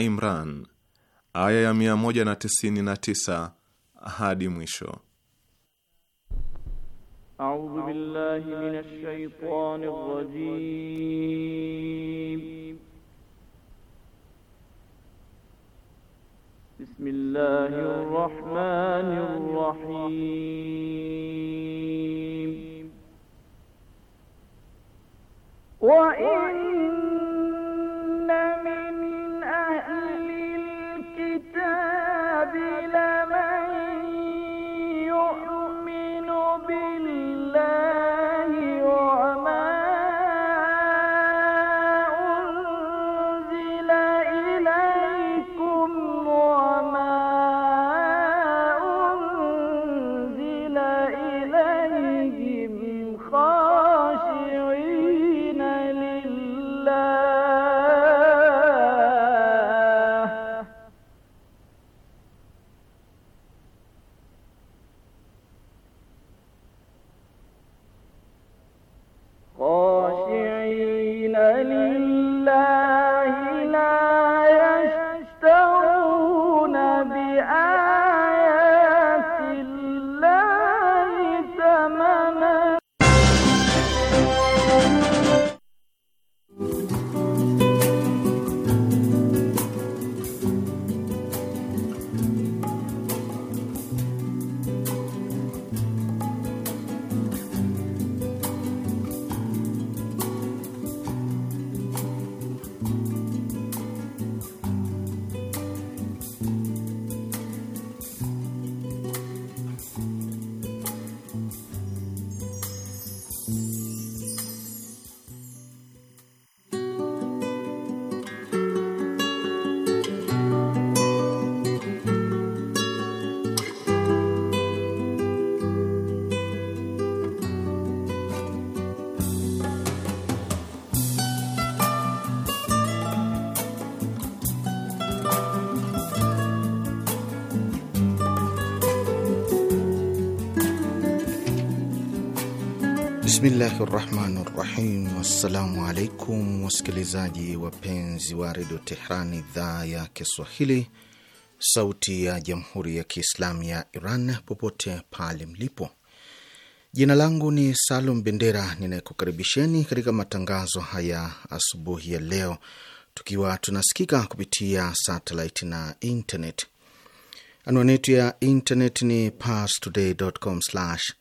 ya Imran aya ya 199 hadi mwisho. A'udhu billahi minash shaitanir rajim. Bismillahir rahmanir rahim. Wa in Bismillahi rahmani rahim. Wassalamu alaikum wasikilizaji wapenzi wa redio Tehran, idhaa ya Kiswahili, sauti ya jamhuri ya kiislamu ya Iran, popote pale mlipo. Jina langu ni Salum Bendera, ninayekukaribisheni katika matangazo haya asubuhi ya leo, tukiwa tunasikika kupitia satellite na internet. Anwani yetu ya internet ni parstoday.com slash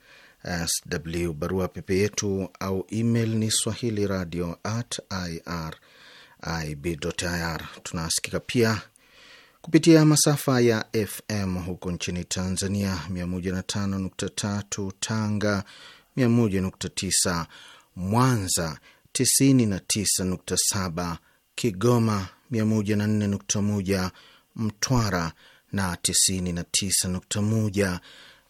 sw. Barua pepe yetu au email ni swahili radio at irib Tunasikika pia kupitia masafa ya FM huko nchini Tanzania, 105.3 Tanga, 101.9 Mwanza, 99.7 Kigoma, 104.1 Mtwara na 99.1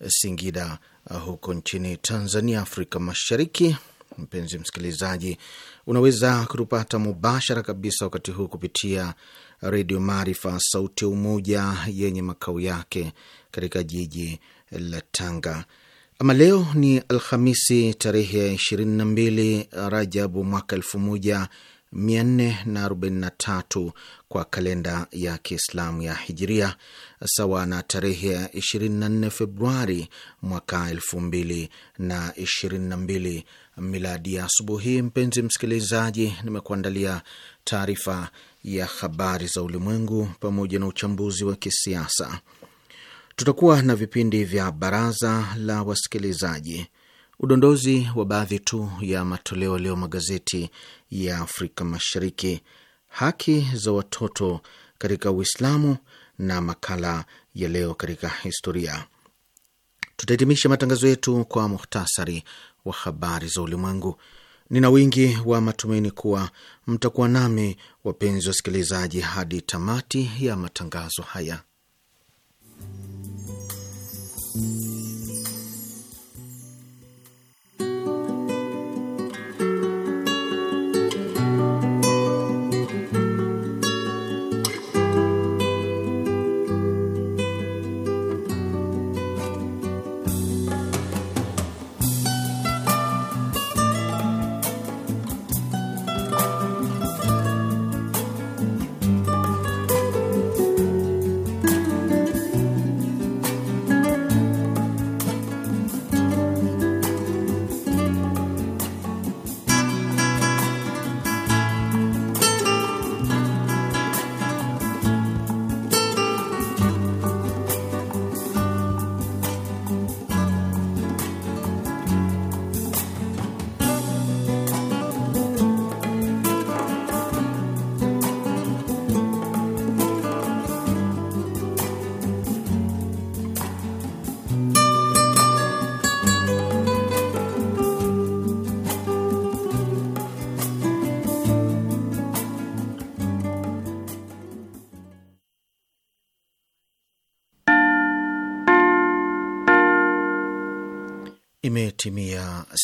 Singida huko nchini Tanzania, Afrika Mashariki. Mpenzi msikilizaji, unaweza kutupata mubashara kabisa wakati huu kupitia Redio Maarifa, sauti ya Umoja, yenye makao yake katika jiji la Tanga. Ama leo ni Alhamisi tarehe ya ishirini na mbili Rajabu mwaka elfu moja 443 kwa kalenda ya Kiislamu ya Hijiria, sawa na tarehe ya 24 Februari mwaka 2022 miladi. Ya asubuhi, mpenzi msikilizaji, nimekuandalia taarifa ya habari za ulimwengu pamoja na uchambuzi wa kisiasa. Tutakuwa na vipindi vya baraza la wasikilizaji, udondozi wa baadhi tu ya matoleo leo magazeti ya Afrika Mashariki, haki za watoto katika Uislamu na makala ya leo katika historia. Tutahitimisha matangazo yetu kwa muhtasari wa habari za ulimwengu. Nina wingi wa matumaini kuwa mtakuwa nami, wapenzi wasikilizaji, hadi tamati ya matangazo haya.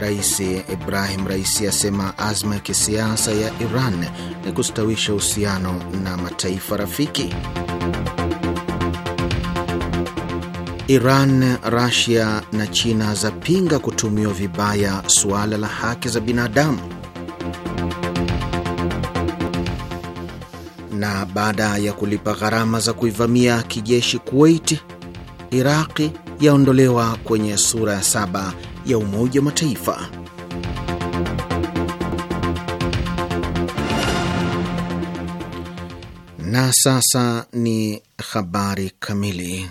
Rais Ibrahim Raisi asema azma ya kisiasa ya Iran ni kustawisha uhusiano na mataifa rafiki. Iran, Rasia na China zapinga kutumiwa vibaya suala la haki za binadamu. Na baada ya kulipa gharama za kuivamia kijeshi Kuwait, Iraqi yaondolewa kwenye sura ya saba ya Umoja wa Mataifa. Na sasa ni habari kamili.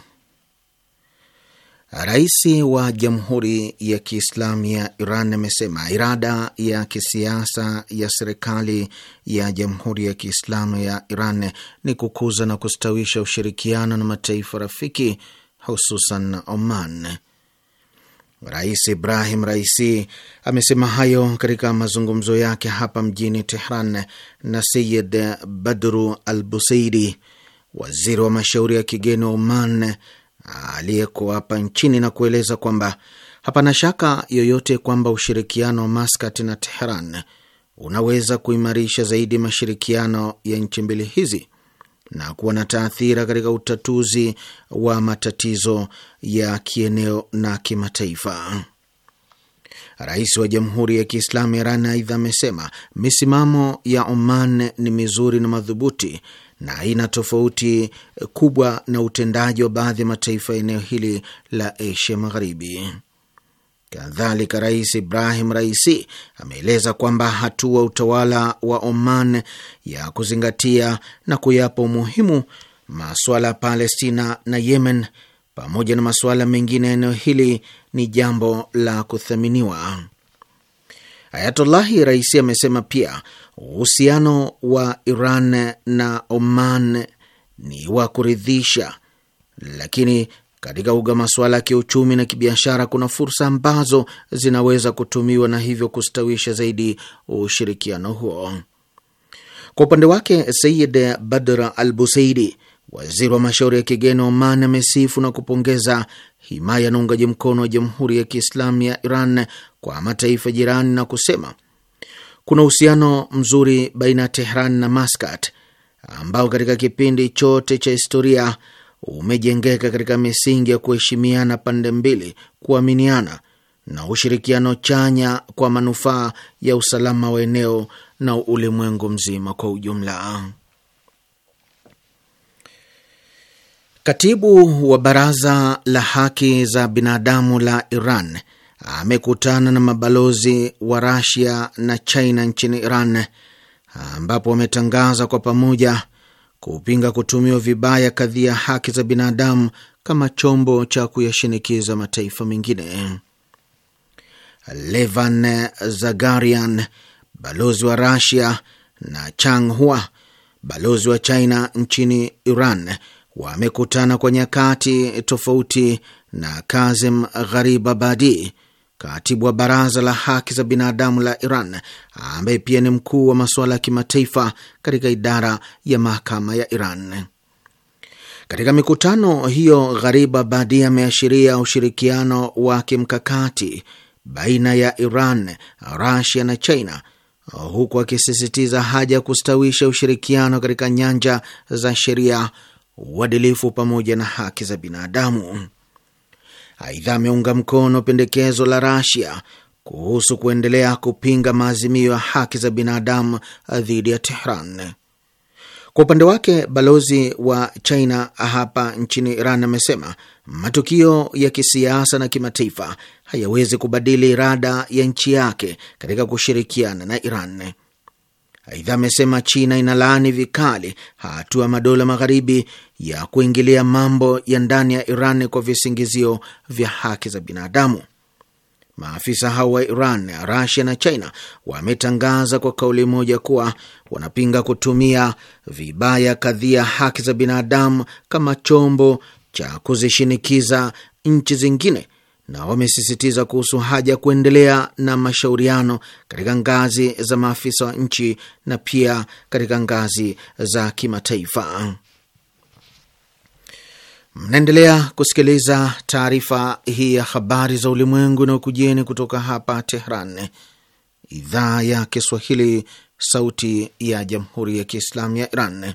Rais wa Jamhuri ya Kiislamu ya Iran amesema irada ya kisiasa ya serikali ya Jamhuri ya Kiislamu ya Iran ni kukuza na kustawisha ushirikiano na mataifa rafiki hususan Oman. Rais Ibrahim Raisi amesema hayo katika mazungumzo yake hapa mjini Tehran na Sayid Badru Al Busaidi, waziri wa mashauri ya kigeni wa Oman aliyekuwa hapa nchini, na kueleza kwamba hapana shaka yoyote kwamba ushirikiano wa Maskat na Teheran unaweza kuimarisha zaidi mashirikiano ya nchi mbili hizi na kuwa na taathira katika utatuzi wa matatizo ya kieneo na kimataifa. Rais wa Jamhuri ya Kiislamu Iran aidha amesema misimamo ya Oman ni mizuri na madhubuti na aina tofauti kubwa na utendaji wa baadhi ya mataifa ya eneo hili la Asia Magharibi. Kadhalika, Rais Ibrahim Raisi ameeleza kwamba hatua utawala wa Oman ya kuzingatia na kuyapa umuhimu masuala ya Palestina na Yemen pamoja na masuala mengine ya eneo hili ni jambo la kuthaminiwa. Ayatollahi Raisi amesema pia uhusiano wa Iran na Oman ni wa kuridhisha, lakini katika uga masuala ya kiuchumi na kibiashara, kuna fursa ambazo zinaweza kutumiwa na hivyo kustawisha zaidi ushirikiano huo. Kwa upande wake, Sayid Badr Al Busaidi, waziri wa mashauri ya kigeni wa Oman, amesifu na kupongeza himaya na uungaji mkono wa Jamhuri ya Kiislamu ya Iran kwa mataifa jirani na kusema kuna uhusiano mzuri baina ya Tehran na Maskat ambao katika kipindi chote cha historia umejengeka katika misingi ya kuheshimiana pande mbili, kuaminiana na ushirikiano chanya kwa manufaa ya usalama wa eneo na ulimwengu mzima kwa ujumla. Katibu wa Baraza la Haki za Binadamu la Iran amekutana na mabalozi wa Rasia na China nchini Iran ambapo wametangaza kwa pamoja kupinga kutumiwa vibaya kadhia haki za binadamu kama chombo cha kuyashinikiza mataifa mengine. Levan Zagarian, balozi wa Rasia, na Chang Hua, balozi wa China nchini Iran, wamekutana kwa nyakati tofauti na Kazem Gharib Abadi, katibu wa baraza la haki za binadamu la Iran ambaye pia ni mkuu wa masuala ya kimataifa katika idara ya mahakama ya Iran. Katika mikutano hiyo, Gharib Abadi ameashiria ushirikiano wa kimkakati baina ya Iran, Rasia na China, huku akisisitiza haja ya kustawisha ushirikiano katika nyanja za sheria, uadilifu pamoja na haki za binadamu. Aidha, ameunga mkono pendekezo la Rasia kuhusu kuendelea kupinga maazimio ya haki za binadamu dhidi ya Tehran. Kwa upande wake, balozi wa China hapa nchini Iran amesema matukio ya kisiasa na kimataifa hayawezi kubadili irada ya nchi yake katika kushirikiana na Iran. Aidha amesema China inalaani vikali hatua ya madola magharibi ya kuingilia mambo ya ndani ya Iran kwa visingizio vya haki za binadamu. Maafisa hao wa Iran, Rasia na China wametangaza kwa kauli moja kuwa wanapinga kutumia vibaya kadhia haki za binadamu kama chombo cha kuzishinikiza nchi zingine na wamesisitiza kuhusu haja ya kuendelea na mashauriano katika ngazi za maafisa wa nchi na pia katika ngazi za kimataifa. Mnaendelea kusikiliza taarifa hii ya habari za ulimwengu na ukujieni kutoka hapa Tehran, idhaa ya Kiswahili, sauti ya jamhuri ya kiislamu ya Iran.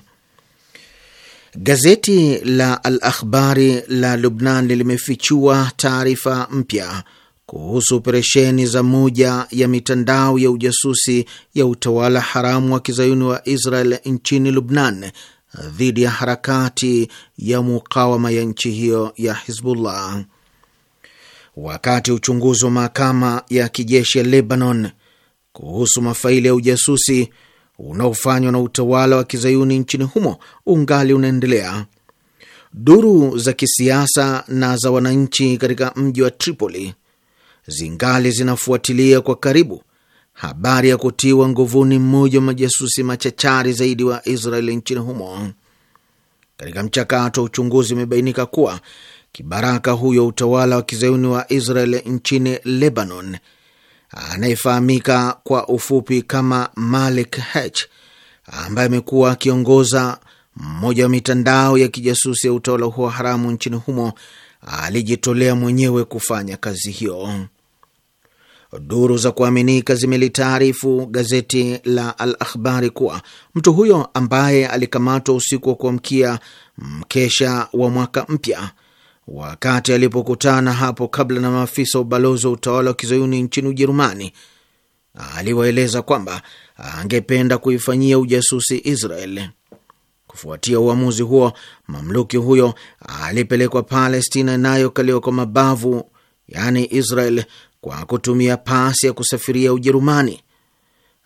Gazeti la Al Akhbari la Lubnan limefichua taarifa mpya kuhusu operesheni za moja ya mitandao ya ujasusi ya utawala haramu wa kizayuni wa Israel nchini Lubnan dhidi ya harakati ya mukawama ya nchi hiyo ya Hizbullah. Wakati uchunguzi wa mahakama ya kijeshi ya Lebanon kuhusu mafaili ya ujasusi unaofanywa na utawala wa kizayuni nchini humo ungali unaendelea. Duru za kisiasa na za wananchi katika mji wa Tripoli zingali zinafuatilia kwa karibu habari ya kutiwa nguvuni mmoja wa majasusi machachari zaidi wa Israel nchini humo. Katika mchakato wa uchunguzi, imebainika kuwa kibaraka huyo utawala wa kizayuni wa Israel nchini Lebanon anayefahamika kwa ufupi kama Malik H ambaye amekuwa akiongoza mmoja wa mitandao ya kijasusi ya utawala huo haramu nchini humo alijitolea mwenyewe kufanya kazi hiyo. Duru za kuaminika zimelitaarifu gazeti la Al Akhbari kuwa mtu huyo ambaye alikamatwa usiku wa kuamkia mkesha wa mwaka mpya wakati alipokutana hapo kabla na maafisa wa ubalozi wa utawala wa kizayuni nchini Ujerumani, aliwaeleza kwamba angependa kuifanyia ujasusi Israel. Kufuatia uamuzi huo, mamluki huyo alipelekwa Palestina inayokaliwa kwa mabavu, yaani Israel, kwa kutumia pasi ya kusafiria Ujerumani,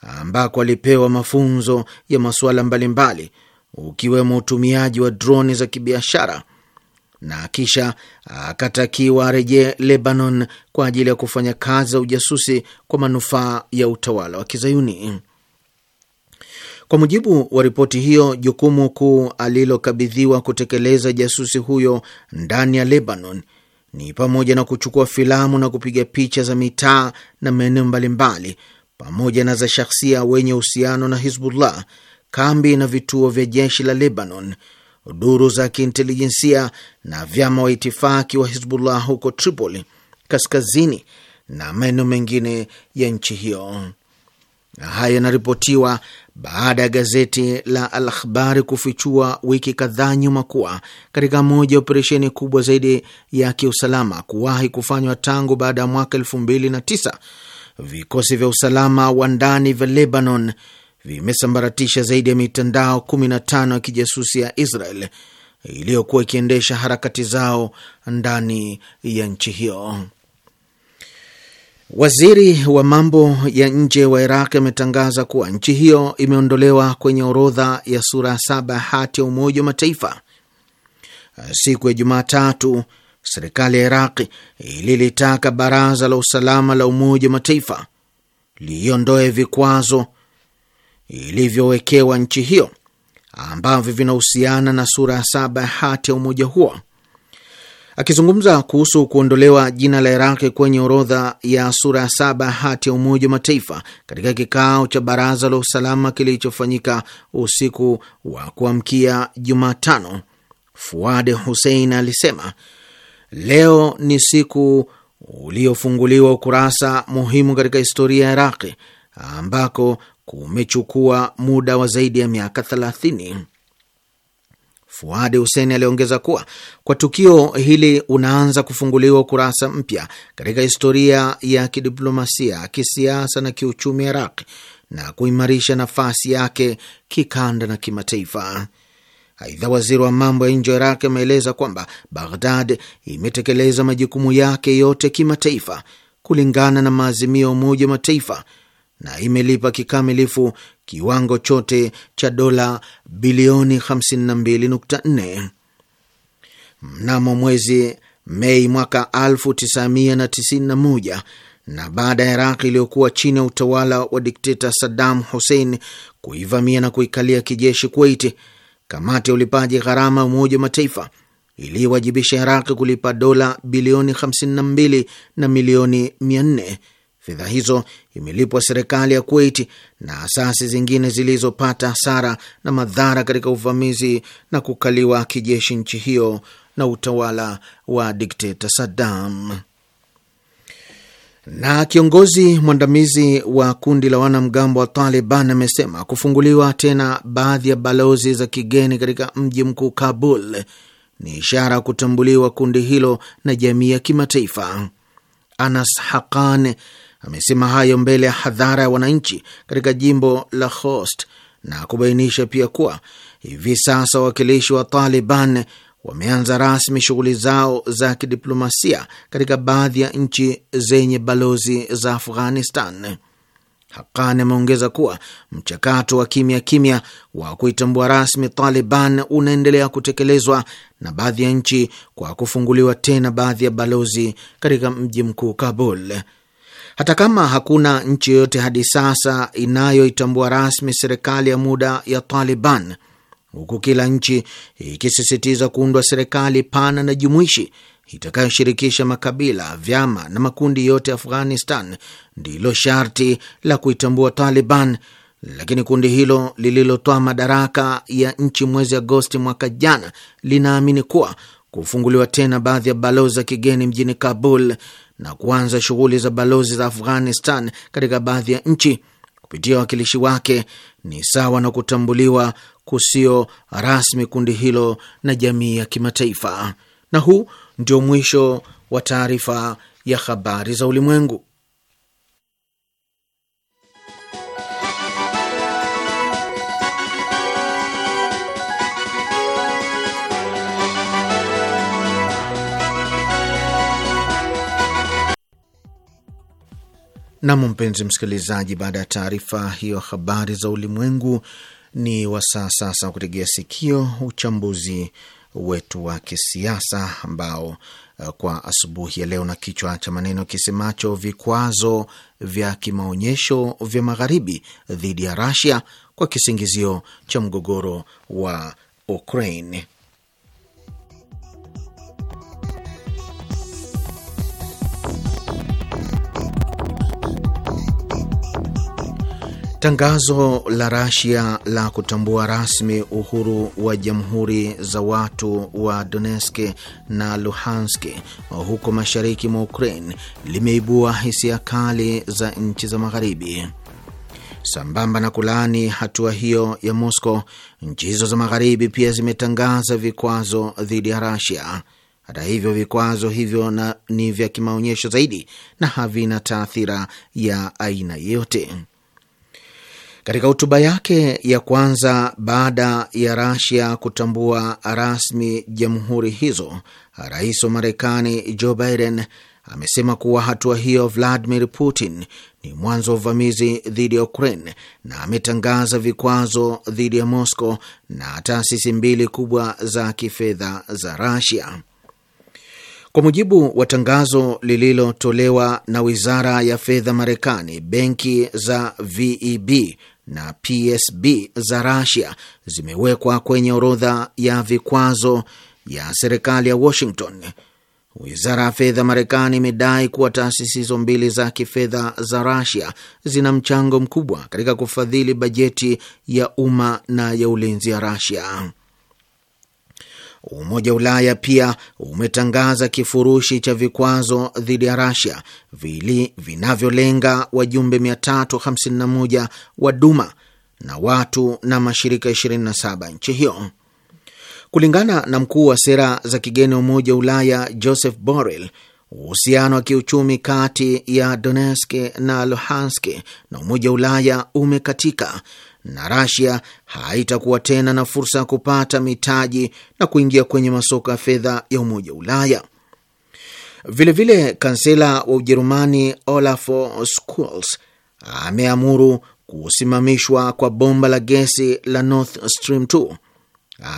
ambako alipewa mafunzo ya masuala mbalimbali, ukiwemo utumiaji wa droni za kibiashara na kisha akatakiwa arejee Lebanon kwa ajili ya kufanya kazi za ujasusi kwa manufaa ya utawala wa Kizayuni. Kwa mujibu wa ripoti hiyo, jukumu kuu alilokabidhiwa kutekeleza jasusi huyo ndani ya Lebanon ni pamoja na kuchukua filamu na kupiga picha za mitaa na maeneo mbalimbali pamoja na za shahsia wenye uhusiano na Hizbullah, kambi na vituo vya jeshi la Lebanon duru za kiintelijensia na vyama wa itifaki wa Hizbullah huko Tripoli kaskazini na maeneo mengine ya nchi hiyo. Haya yanaripotiwa baada ya gazeti la Al Akhbari kufichua wiki kadhaa nyuma kuwa katika moja ya operesheni kubwa zaidi ya kiusalama kuwahi kufanywa tangu baada ya mwaka elfu mbili na tisa vikosi vya usalama wa ndani vya Lebanon vimesambaratisha zaidi ya mitandao 15 ya kijasusi ya Israel iliyokuwa ikiendesha harakati zao ndani ya nchi hiyo. Waziri wa mambo ya nje wa Iraq ametangaza kuwa nchi hiyo imeondolewa kwenye orodha ya sura ya saba ya hati ya Umoja wa Mataifa. Siku ya Jumatatu, serikali ya Iraq ililitaka Baraza la Usalama la Umoja wa Mataifa liiondoe vikwazo ilivyowekewa nchi hiyo ambavyo vinahusiana na sura ya saba ya hati ya umoja huo. Akizungumza kuhusu kuondolewa jina la Iraqi kwenye orodha ya sura ya saba ya hati ya Umoja wa Mataifa katika kikao cha Baraza la Usalama kilichofanyika usiku wa kuamkia Jumatano, Fuad Hussein alisema leo ni siku uliofunguliwa ukurasa muhimu katika historia ya Iraqi ambako kumechukua muda wa zaidi ya miaka 30. Fuadi Hussein aliongeza kuwa kwa tukio hili unaanza kufunguliwa ukurasa mpya katika historia ya kidiplomasia, kisiasa na kiuchumi Iraq na kuimarisha nafasi yake kikanda na kimataifa. Aidha, waziri wa mambo ya nje wa Iraq ameeleza kwamba Baghdad imetekeleza majukumu yake yote kimataifa kulingana na maazimio ya Umoja wa Mataifa na imelipa kikamilifu kiwango chote cha dola bilioni 52.4 mnamo mwezi Mei mwaka 1991 na baada ya Iraq iliyokuwa chini ya utawala wa dikteta Saddam Hussein kuivamia na kuikalia kijeshi Kuwaiti, kamati ya ulipaji gharama ya Umoja wa Mataifa iliwajibisha Iraq kulipa dola bilioni 52 na milioni 400 Fedha hizo imelipwa serikali ya Kuwait na asasi zingine zilizopata hasara na madhara katika uvamizi na kukaliwa kijeshi nchi hiyo na utawala wa dikteta Saddam. Na kiongozi mwandamizi wa kundi la wanamgambo wa Taliban amesema kufunguliwa tena baadhi ya balozi za kigeni katika mji mkuu Kabul ni ishara ya kutambuliwa kundi hilo na jamii ya kimataifa. Anas Haqqani amesema hayo mbele ya hadhara ya wananchi katika jimbo la Khost na kubainisha pia kuwa hivi sasa wawakilishi wa Taliban wameanza rasmi shughuli zao za kidiplomasia katika baadhi ya nchi zenye balozi za Afghanistan. Haqqani ameongeza kuwa mchakato wa kimya kimya wa kuitambua rasmi Taliban unaendelea kutekelezwa na baadhi ya nchi kwa kufunguliwa tena baadhi ya balozi katika mji mkuu Kabul hata kama hakuna nchi yoyote hadi sasa inayoitambua rasmi serikali ya muda ya Taliban, huku kila nchi ikisisitiza kuundwa serikali pana na jumuishi itakayoshirikisha makabila, vyama na makundi yote Afghanistan, ndilo sharti la kuitambua Taliban. Lakini kundi hilo lililotoa madaraka ya nchi mwezi Agosti mwaka jana linaamini kuwa kufunguliwa tena baadhi ya balozi za kigeni mjini Kabul na kuanza shughuli za balozi za Afghanistan katika baadhi ya nchi kupitia wakilishi wake ni sawa na kutambuliwa kusio rasmi kundi hilo na jamii ya kimataifa. Na huu ndio mwisho wa taarifa ya habari za ulimwengu. Nam, mpenzi msikilizaji, baada ya taarifa hiyo habari za ulimwengu, ni wasaa sasa kutegea sikio uchambuzi wetu wa kisiasa ambao eh, kwa asubuhi ya leo na kichwa cha maneno kisemacho vikwazo vya kimaonyesho vya magharibi dhidi ya Russia kwa kisingizio cha mgogoro wa Ukraine. Tangazo la Rasia la kutambua rasmi uhuru wa jamhuri za watu wa Donetsk na Luhansk huko mashariki mwa Ukraine limeibua hisia kali za nchi za Magharibi. Sambamba na kulaani hatua hiyo ya Moscow, nchi hizo za Magharibi pia zimetangaza vikwazo dhidi ya Rasia. Hata hivyo vikwazo hivyo na, ni vya kimaonyesho zaidi na havina taathira ya aina yeyote. Katika hotuba yake ya kwanza baada ya Rasia kutambua rasmi jamhuri hizo, rais wa Marekani Joe Biden amesema kuwa hatua hiyo Vladimir Putin ni mwanzo wa uvamizi dhidi ya Ukraine na ametangaza vikwazo dhidi ya Moscow na taasisi mbili kubwa za kifedha za Rasia. Kwa mujibu wa tangazo lililotolewa na wizara ya fedha Marekani, benki za VEB na PSB za Russia zimewekwa kwenye orodha ya vikwazo ya serikali ya Washington. Wizara ya fedha Marekani imedai kuwa taasisi hizo mbili za kifedha za Rasia zina mchango mkubwa katika kufadhili bajeti ya umma na ya ulinzi ya Rasia. Umoja wa Ulaya pia umetangaza kifurushi cha vikwazo dhidi ya Rasia vili vinavyolenga wajumbe 351 wa Duma na watu na mashirika 27 nchi hiyo. Kulingana na mkuu wa sera za kigeni wa Umoja wa Ulaya Joseph Borrell, uhusiano wa kiuchumi kati ya Donetsk na Luhansk na Umoja wa Ulaya umekatika na Rasia haitakuwa tena na fursa ya kupata mitaji na kuingia kwenye masoko ya fedha ya Umoja wa Ulaya. Vilevile, kansela wa Ujerumani Olaf Scholz ameamuru kusimamishwa kwa bomba la gesi la Nord Stream 2.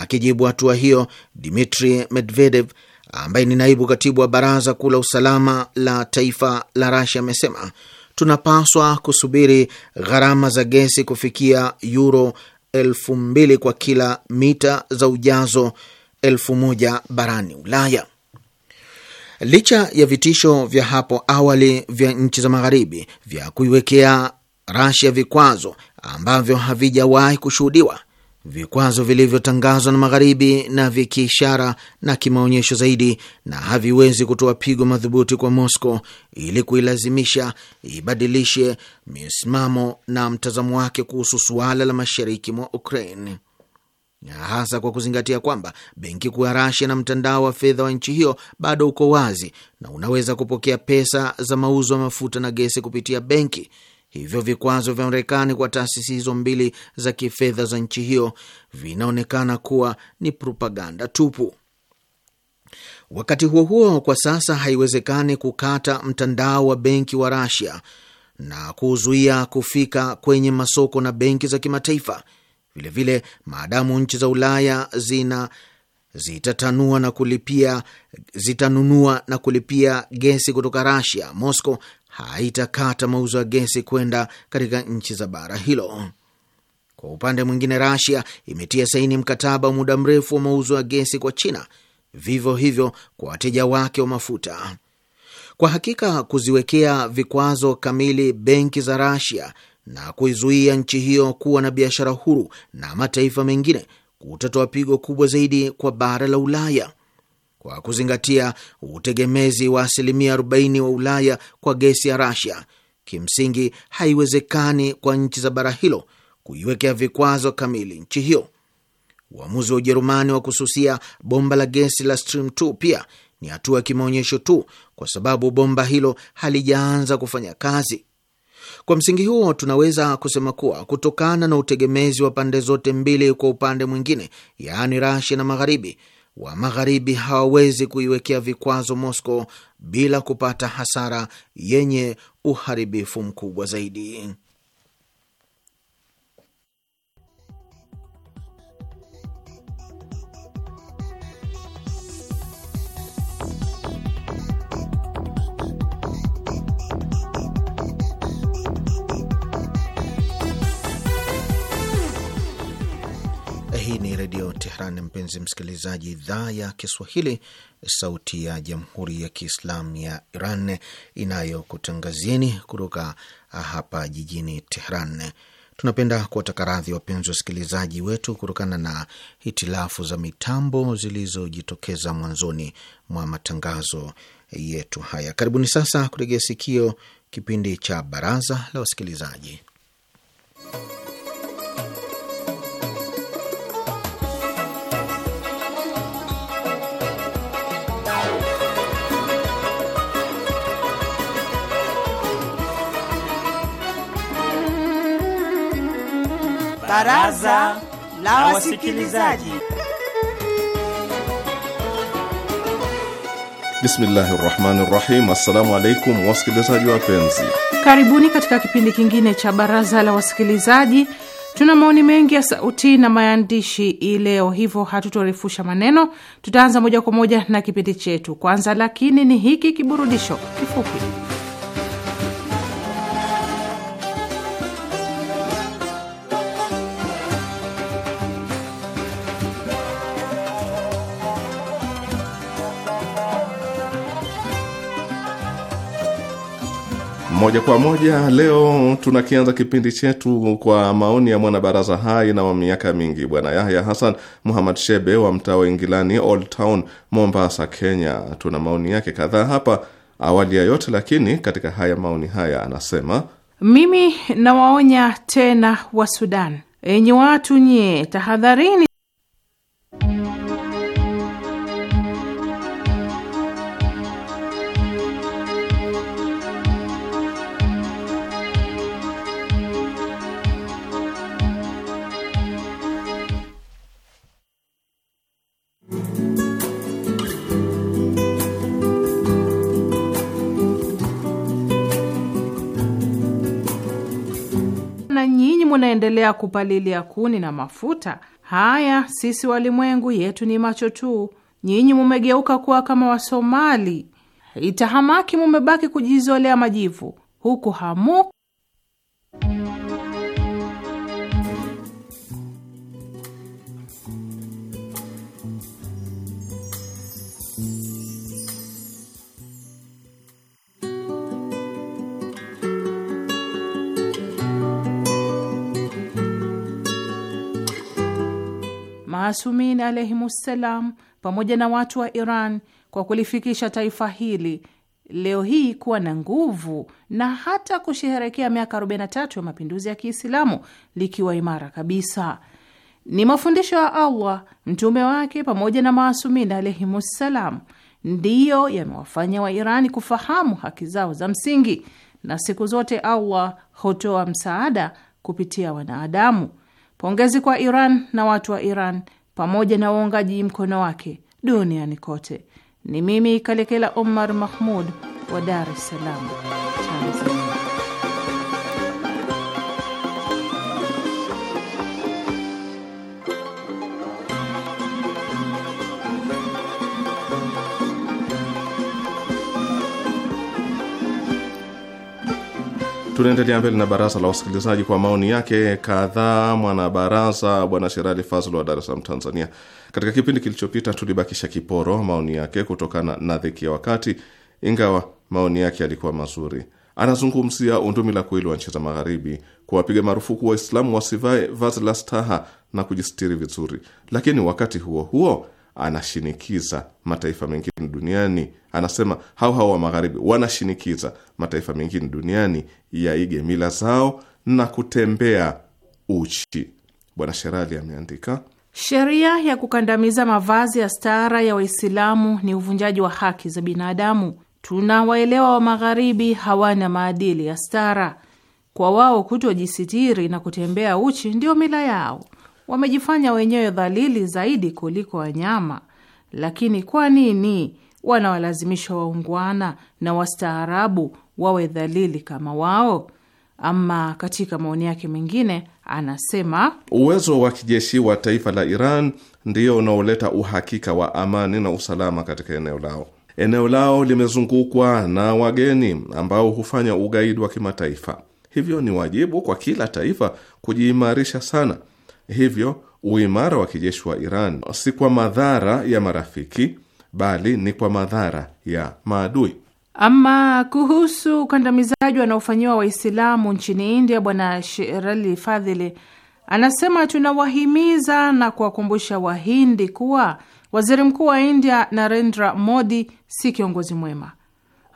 Akijibu hatua hiyo, Dmitri Medvedev ambaye ni naibu katibu wa baraza kuu la usalama la taifa la Rasia amesema tunapaswa kusubiri gharama za gesi kufikia yuro elfu mbili kwa kila mita za ujazo elfu moja barani Ulaya. Licha ya vitisho vya hapo awali vya nchi za magharibi vya kuiwekea Rasia vikwazo ambavyo havijawahi kushuhudiwa, vikwazo vilivyotangazwa na Magharibi na vya kiishara na kimaonyesho zaidi, na haviwezi kutoa pigo madhubuti kwa Moscow ili kuilazimisha ibadilishe misimamo na mtazamo wake kuhusu suala la mashariki mwa Ukraine, hasa kwa kuzingatia kwamba benki kuu ya Rasia na mtandao wa fedha wa nchi hiyo bado uko wazi na unaweza kupokea pesa za mauzo ya mafuta na gesi kupitia benki Hivyo vikwazo vya Marekani kwa taasisi hizo mbili za kifedha za nchi hiyo vinaonekana kuwa ni propaganda tupu. Wakati huo huo, kwa sasa haiwezekani kukata mtandao wa benki wa Rasia na kuzuia kufika kwenye masoko na benki za kimataifa. Vilevile maadamu nchi za Ulaya zina zitatanua na kulipia zitanunua na kulipia gesi kutoka Rasia, Moscow haitakata mauzo ya gesi kwenda katika nchi za bara hilo. Kwa upande mwingine, Rasia imetia saini mkataba wa muda mrefu wa mauzo ya gesi kwa China, vivyo hivyo kwa wateja wake wa mafuta. Kwa hakika kuziwekea vikwazo kamili benki za Rasia na kuizuia nchi hiyo kuwa na biashara huru na mataifa mengine kutatoa pigo kubwa zaidi kwa bara la Ulaya kwa kuzingatia utegemezi wa asilimia 40 wa Ulaya kwa gesi ya Rasia, kimsingi haiwezekani kwa nchi za bara hilo kuiwekea vikwazo kamili nchi hiyo. Uamuzi wa Ujerumani wa kususia bomba la gesi la Stream 2 pia ni hatua ya kimaonyesho tu, kwa sababu bomba hilo halijaanza kufanya kazi. Kwa msingi huo, tunaweza kusema kuwa kutokana na utegemezi wa pande zote mbili kwa upande mwingine, yaani Rasia na Magharibi, wa magharibi hawawezi kuiwekea vikwazo Moscow bila kupata hasara yenye uharibifu mkubwa zaidi. Tehran. Mpenzi msikilizaji, idhaa ya Kiswahili, sauti ya jamhuri ya kiislamu ya Iran inayokutangazieni kutoka hapa jijini Tehran. Tunapenda kuwataka radhi wapenzi wasikilizaji wetu kutokana na hitilafu za mitambo zilizojitokeza mwanzoni mwa matangazo yetu haya. Karibuni sasa kuregea sikio kipindi cha baraza la wasikilizaji. Baraza la Wasikilizaji. Bismillahi rahmani rahim. Assalamu alaikum wasikilizaji wapenzi, karibuni katika kipindi kingine cha Baraza la Wasikilizaji. Tuna maoni mengi ya sauti na maandishi ileo, hivyo hatutorefusha maneno, tutaanza moja kwa moja na kipindi chetu. Kwanza lakini ni hiki kiburudisho kifupi. moja kwa moja leo tunakianza kipindi chetu kwa maoni ya mwanabaraza hai na wa miaka mingi Bwana Yahya Hassan Muhammad Shebe wa mtaa wa Ingilani, Old Town, Mombasa, Kenya. Tuna maoni yake kadhaa hapa. Awali ya yote lakini, katika haya maoni haya anasema, mimi nawaonya tena wa Sudan, enye watu nyie, tahadharini munaendelea kupalilia kuni na mafuta? Haya, sisi walimwengu yetu ni macho tu, nyinyi mumegeuka kuwa kama Wasomali. Itahamaki mumebaki kujizolea majivu, huku hamu maasumin alaihimussalam pamoja na watu wa Iran kwa kulifikisha taifa hili leo hii kuwa na nguvu na hata kusherehekea miaka 43 ya mapinduzi ya Kiislamu likiwa imara kabisa. Ni mafundisho ya Allah, mtume wake pamoja na maasumin alaihimussalam ndiyo yamewafanya Wairani kufahamu haki zao za msingi, na siku zote Allah hutoa msaada kupitia wanadamu. Pongezi kwa Iran na watu wa Iran pamoja na waungaji mkono wake duniani kote. Ni mimi Kalekela Omar Mahmud wa Dar es Salaam, Tanzania. Tunaendelea mbele na baraza la wasikilizaji kwa maoni yake kadhaa. Mwanabaraza Bwana Sherali Fazl wa Dar es Salaam, Tanzania, katika kipindi kilichopita tulibakisha kiporo maoni yake kutokana na dhiki ya wakati, ingawa maoni yake yalikuwa mazuri. Anazungumzia undumi la kuili wa nchi za Magharibi kuwapiga marufuku Waislamu wasivae vazi la staha na kujistiri vizuri, lakini wakati huo huo anashinikiza mataifa mengine duniani, anasema hao hao wa magharibi wanashinikiza mataifa mengine duniani yaige mila zao na kutembea uchi. Bwana Sherali ameandika sheria ya kukandamiza mavazi ya stara ya Waislamu ni uvunjaji wa haki za binadamu. Tunawaelewa wa magharibi hawana maadili ya stara, kwa wao kutojisitiri na kutembea uchi ndio mila yao wamejifanya wenyewe dhalili zaidi kuliko wanyama. Lakini kwa nini wanawalazimisha waungwana na wastaarabu wawe dhalili kama wao? Ama katika maoni yake mengine anasema uwezo wa kijeshi wa taifa la Iran ndiyo unaoleta uhakika wa amani na usalama katika eneo lao. Eneo lao limezungukwa na wageni ambao hufanya ugaidi wa kimataifa, hivyo ni wajibu kwa kila taifa kujiimarisha sana Hivyo uimara wa kijeshi wa Iran si kwa madhara ya marafiki, bali ni kwa madhara ya maadui. Ama kuhusu ukandamizaji wanaofanyiwa Waislamu nchini India, Bwana Sherali Fadhili anasema tunawahimiza na kuwakumbusha Wahindi kuwa waziri mkuu wa India Narendra Modi si kiongozi mwema.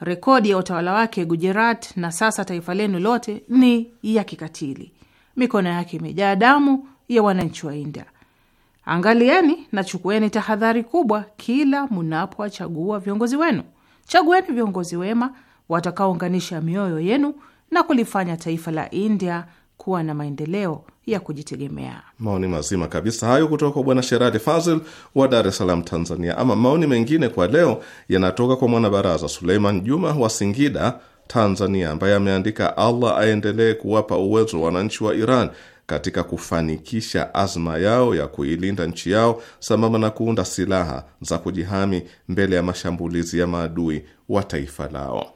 Rekodi ya utawala wake Gujarat na sasa taifa lenu lote ni ya kikatili. Mikono yake imejaa damu ya wananchi wa India. Angalieni na chukueni tahadhari kubwa kila mnapowachagua viongozi wenu. Chagueni viongozi wema watakaounganisha mioyo yenu na kulifanya taifa la India kuwa na maendeleo ya kujitegemea. Maoni mazima kabisa hayo kutoka kwa Bwana Sherali Fazil wa Dar es Salaam, Tanzania. Ama maoni mengine kwa leo yanatoka kwa mwanabaraza Suleiman Juma wa Singida, Tanzania, ambaye ameandika, Allah aendelee kuwapa uwezo wananchi wa Iran katika kufanikisha azma yao ya kuilinda nchi yao sambamba na kuunda silaha za kujihami mbele ya mashambulizi ya maadui wa taifa lao.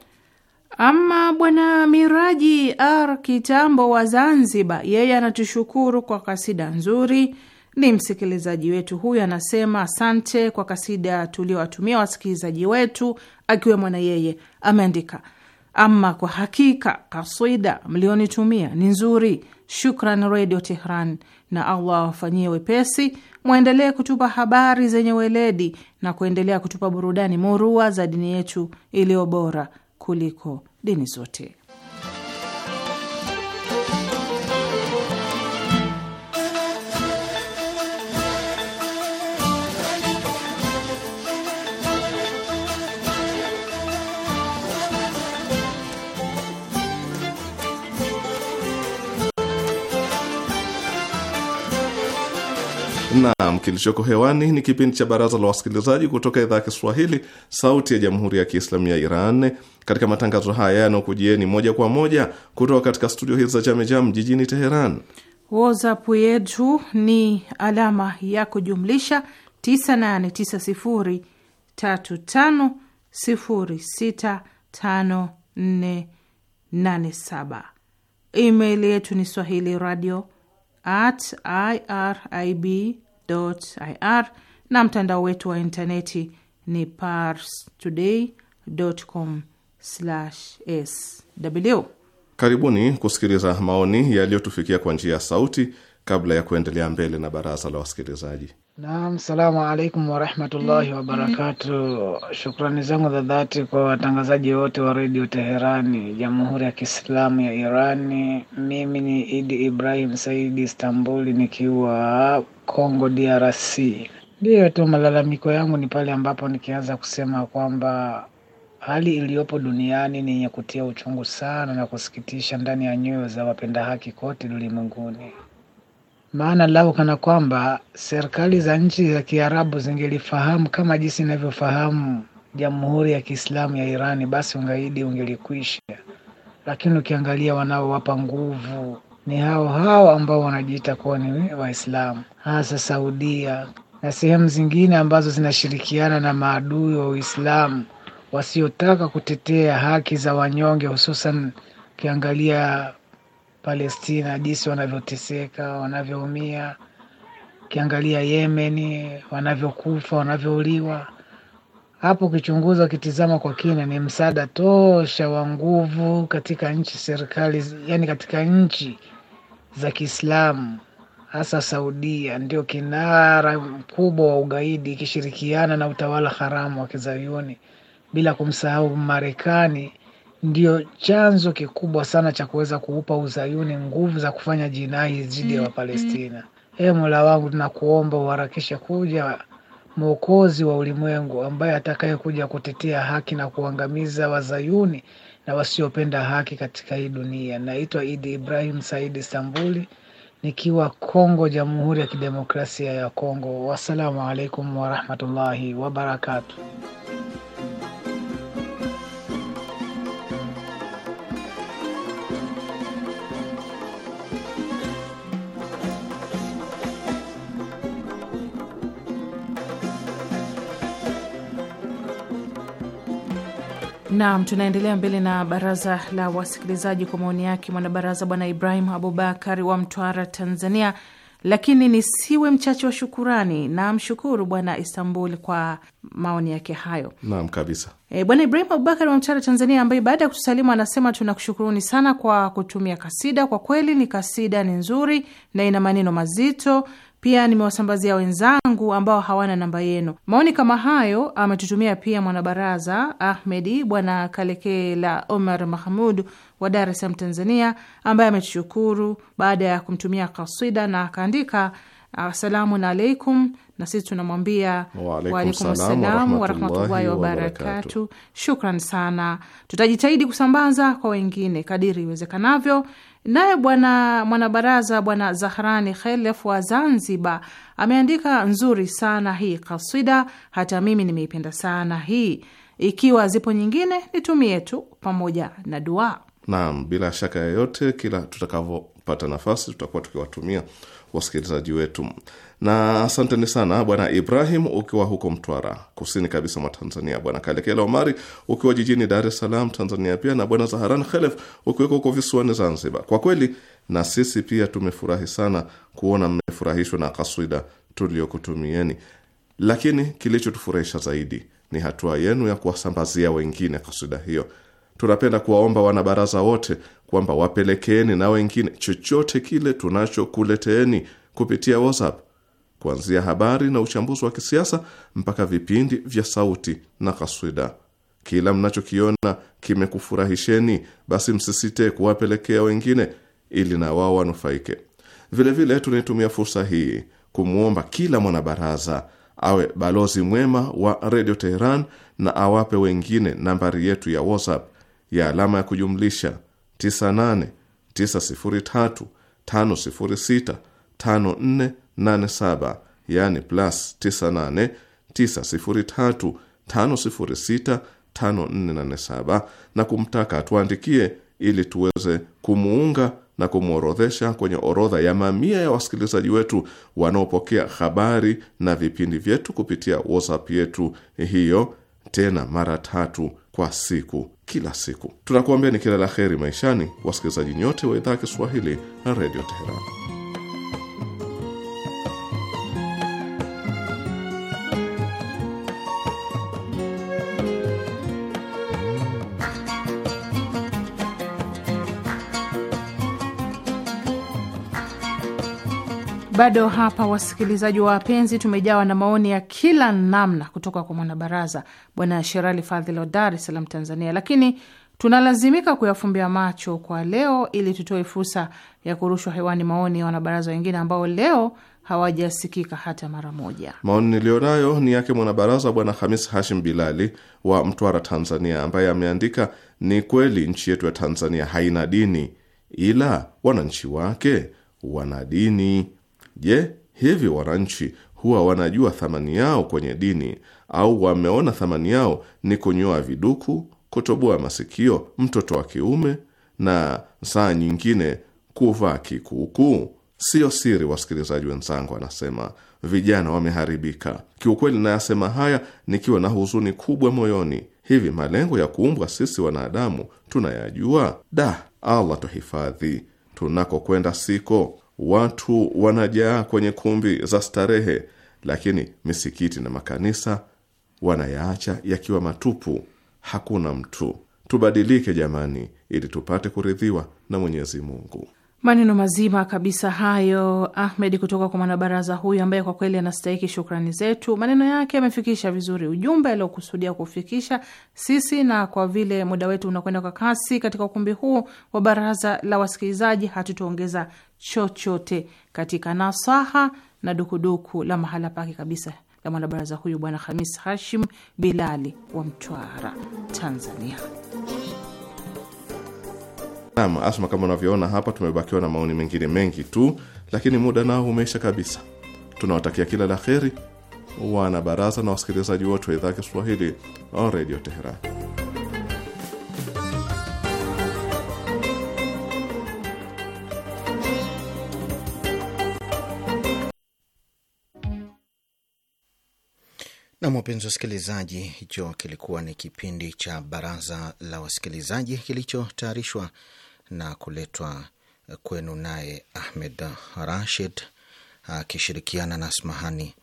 Ama Bwana Miraji R Kitambo wa Zanzibar, yeye anatushukuru kwa kasida nzuri. Ni msikilizaji wetu huyu, anasema asante kwa kasida tuliowatumia wasikilizaji wetu, akiwemo na yeye ameandika, ama kwa hakika kasida mlionitumia ni nzuri Shukran Redio Tehran, na Allah awafanyie wepesi. Mwendelee kutupa habari zenye weledi na kuendelea kutupa burudani murua za dini yetu iliyo bora kuliko dini zote. Naam, kilichoko hewani ni kipindi cha Baraza la Wasikilizaji kutoka idhaa ya Kiswahili, Sauti ya Jamhuri ya Kiislamu ya Iran. Katika matangazo haya yanaokujieni moja kwa moja kutoka katika studio hizi za Jamejam jijini Teheran. WhatsApp yetu ni alama ya kujumlisha 989035065487. Email yetu ni swahili radio at irib ir na mtandao wetu wa intaneti ni pars sw. Karibuni kusikiliza maoni yaliyotufikia kwa njia ya sauti, kabla ya kuendelea mbele na baraza la wasikilizaji. Naam, salamu alaikum warahmatullahi wabarakatu. Shukrani zangu za dhati kwa watangazaji wote wa redio Teherani, jamhuri ya kiislamu ya Irani. Mimi ni Idi Ibrahim Saidi Istanbuli, nikiwa Congo DRC. Ndiyo tu malalamiko yangu ni pale ambapo nikianza kusema kwamba hali iliyopo duniani ni yenye kutia uchungu sana na kusikitisha ndani ya nyoyo za wapenda haki kote ulimwenguni. Maana lau kana kwamba serikali za nchi za Kiarabu zingelifahamu kama jinsi inavyofahamu Jamhuri ya Kiislamu ya Irani, basi ungaidi ungelikwisha. Lakini ukiangalia wanaowapa nguvu ni hao hao ambao wanajiita kuwa ni Waislamu, hasa Saudia na sehemu zingine ambazo zinashirikiana na maadui wa Uislamu wasiotaka kutetea haki za wanyonge, hususan ukiangalia Palestina, jinsi wanavyoteseka, wanavyoumia, ukiangalia Yemeni wanavyokufa, wanavyouliwa. Hapo ukichunguza, ukitizama kwa kina, ni msaada tosha wa nguvu katika nchi serikali, yani katika nchi za Kiislamu hasa Saudia ndio kinara mkubwa wa ugaidi ikishirikiana na utawala haramu wa Kizayuni, bila kumsahau Marekani ndio chanzo kikubwa sana cha kuweza kuupa uzayuni nguvu za kufanya jinai dhidi ya mm-hmm. Wapalestina. Ee Mola wangu, tunakuomba uharakishe kuja mwokozi wa ulimwengu ambaye atakayekuja kutetea haki na kuangamiza wazayuni na wasiopenda haki katika hii dunia. Naitwa Idi Ibrahim Said stambuli nikiwa Kongo, Jamhuri ya Kidemokrasia ya Kongo. Wassalamu alaikum warahmatullahi wabarakatuh. Naam, tunaendelea mbele na baraza la wasikilizaji kwa maoni yake mwanabaraza Bwana Ibrahim Abubakari wa Mtwara, Tanzania. Lakini nisiwe mchache wa shukurani, namshukuru Bwana Istanbul kwa maoni yake hayo. Naam kabisa. E, Bwana Ibrahim Abubakar wa Mtwara, Tanzania, ambaye baada ya kutusalimu anasema tunakushukuruni sana kwa kutumia kasida. Kwa kweli ni kasida ni nzuri na ina maneno mazito pia nimewasambazia wenzangu ambao hawana namba yenu. Maoni kama hayo ametutumia pia mwanabaraza Ahmedi Bwana Kalekela Omar Mahmud wa Dar es Salaam, Tanzania, ambaye ametushukuru baada ya kumtumia kaswida na akaandika assalamu ah, alaikum, na sisi tunamwambia waalaikum warahmatullahi wabarakatu. Shukran sana, tutajitahidi kusambaza kwa wengine kadiri iwezekanavyo Naye bwana mwanabaraza bwana Zahrani Khelef wa Zanzibar ameandika nzuri sana hii kasida, hata mimi nimeipenda sana hii. Ikiwa zipo nyingine nitumie tu pamoja na duaa. Naam, bila shaka yoyote, kila tutakavyopata nafasi tutakuwa tukiwatumia wasikilizaji wetu. Na asanteni sana Bwana Ibrahim ukiwa huko Mtwara, kusini kabisa mwa Tanzania, Bwana Kalekela Omari ukiwa jijini Dar es Salaam, Tanzania pia, na Bwana Zaharan Khelef ukiweko huko visiwani Zanzibar. Kwa kweli na sisi pia tumefurahi sana kuona mmefurahishwa na kaswida tuliyokutumieni, lakini kilichotufurahisha zaidi ni hatua yenu ya kuwasambazia wengine kaswida hiyo Tunapenda kuwaomba wanabaraza wote kwamba wapelekeeni na wengine chochote kile tunachokuleteeni kupitia WhatsApp, kuanzia habari na uchambuzi wa kisiasa mpaka vipindi vya sauti na kaswida. Kila mnachokiona kimekufurahisheni, basi msisite kuwapelekea wengine ili na wao wanufaike. Vilevile tunaitumia fursa hii kumwomba kila mwanabaraza awe balozi mwema wa redio Teheran na awape wengine nambari yetu ya WhatsApp ya alama ya kujumlisha 989035065487 yani plus 989035065487 na kumtaka atuandikie ili tuweze kumuunga na kumworodhesha kwenye orodha ya mamia ya wasikilizaji wetu wanaopokea habari na vipindi vyetu kupitia WhatsApp yetu hiyo tena mara tatu kwa siku kila siku. Tunakuambia ni kila la heri maishani, wasikilizaji nyote wa idhaa ya Kiswahili na Redio Teherani. Bado hapa wasikilizaji wa wapenzi, tumejawa na maoni ya kila namna kutoka kwa mwanabaraza Bwana Sherali Fadhil wa Dar es Salaam, Tanzania, lakini tunalazimika kuyafumbia macho kwa leo ili tutoe fursa ya kurushwa hewani maoni ya wanabaraza wengine ambao leo hawajasikika hata mara moja. Maoni niliyonayo ni yake mwanabaraza Bwana Hamis Hashim Bilali wa Mtwara, Tanzania, ambaye ameandika: ni kweli nchi yetu ya Tanzania haina dini, ila wananchi wake wana dini Je, hivi wananchi huwa wanajua thamani yao kwenye dini au wameona thamani yao ni kunyoa viduku, kutoboa masikio mtoto wa kiume na saa nyingine kuvaa kikuukuu? Siyo siri, wasikilizaji wenzangu, anasema vijana wameharibika. Kiukweli nayasema haya nikiwa na huzuni kubwa moyoni. Hivi malengo ya kuumbwa sisi wanadamu tunayajua? Da, Allah tuhifadhi, tunakokwenda siko watu wanajaa kwenye kumbi za starehe, lakini misikiti na makanisa wanayaacha yakiwa matupu, hakuna mtu. Tubadilike jamani, ili tupate kuridhiwa na Mwenyezi Mungu. Maneno mazima kabisa hayo Ahmed kutoka kwa mwanabaraza huyu ambaye kwa kweli anastahiki shukrani zetu. Maneno yake yamefikisha vizuri ujumbe aliokusudia kufikisha sisi, na kwa vile muda wetu unakwenda kwa kasi katika ukumbi huu wa baraza la wasikilizaji, hatutaongeza chochote katika nasaha na dukuduku la mahala pake kabisa la mwanabaraza huyu Bwana Hamis Hashim Bilali wa Mtwara, Tanzania. Naam, Asma, kama unavyoona hapa tumebakiwa na maoni mengine mengi tu, lakini muda nao umeisha kabisa. Tunawatakia kila la heri wana baraza na wasikilizaji wote wa idhaa ya Kiswahili wa Redio Teheran. Nam, wapenzi wasikilizaji, hicho kilikuwa ni kipindi cha baraza la wasikilizaji kilichotayarishwa na kuletwa kwenu naye Ahmed Rashid akishirikiana na Asmahani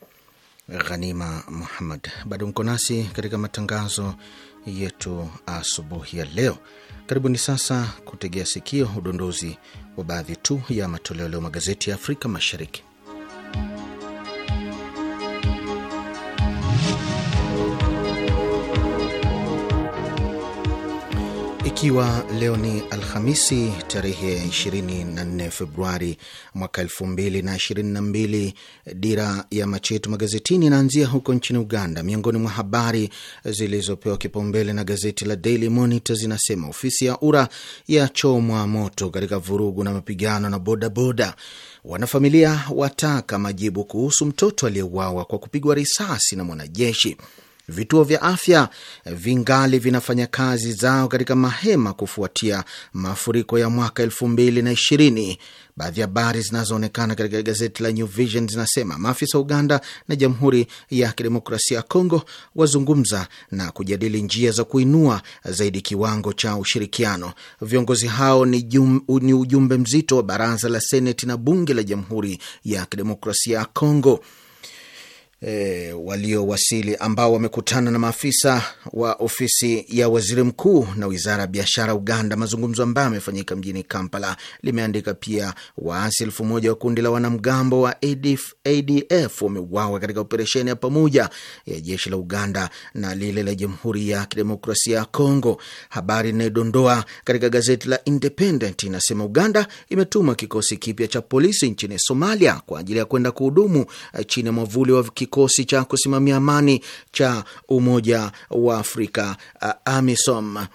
Ghanima Muhammad. Bado mko nasi katika matangazo yetu asubuhi ya leo. Karibuni sasa kutegea sikio udondozi wa baadhi tu ya matoleo leo magazeti ya Afrika Mashariki. Ikiwa leo ni Alhamisi tarehe 24 Februari mwaka 2022, dira ya macho yetu magazetini inaanzia huko nchini Uganda. Miongoni mwa habari zilizopewa kipaumbele na gazeti la Daily Monitor zinasema ofisi ya URA yachomwa moto katika vurugu na mapigano na bodaboda. Wanafamilia wataka majibu kuhusu mtoto aliyeuawa kwa kupigwa risasi na mwanajeshi Vituo vya afya vingali vinafanya kazi zao katika mahema kufuatia mafuriko ya mwaka elfu mbili na ishirini. Baadhi ya habari zinazoonekana katika gazeti la New Vision zinasema maafisa wa Uganda na Jamhuri ya Kidemokrasia ya Kongo wazungumza na kujadili njia za kuinua zaidi kiwango cha ushirikiano. Viongozi hao ni, jum, ni ujumbe mzito wa baraza la Seneti na bunge la Jamhuri ya Kidemokrasia ya Kongo e, waliowasili ambao wamekutana na maafisa wa ofisi ya waziri mkuu na wizara ya biashara Uganda, mazungumzo ambayo yamefanyika mjini Kampala. Limeandika pia waasi elfu moja wa kundi la wanamgambo wa ADF, ADF wameuawa katika operesheni ya pamoja ya jeshi la Uganda na lile la Jamhuri ya Kidemokrasia ya Kongo. Habari inayodondoa katika gazeti la Independent inasema Uganda imetuma kikosi kipya cha polisi nchini Somalia kwa ajili ya kwenda kuhudumu eh, chini ya mwavuli wa kikosi cha kusimamia amani cha Umoja wa Afrika, uh, AMISOM.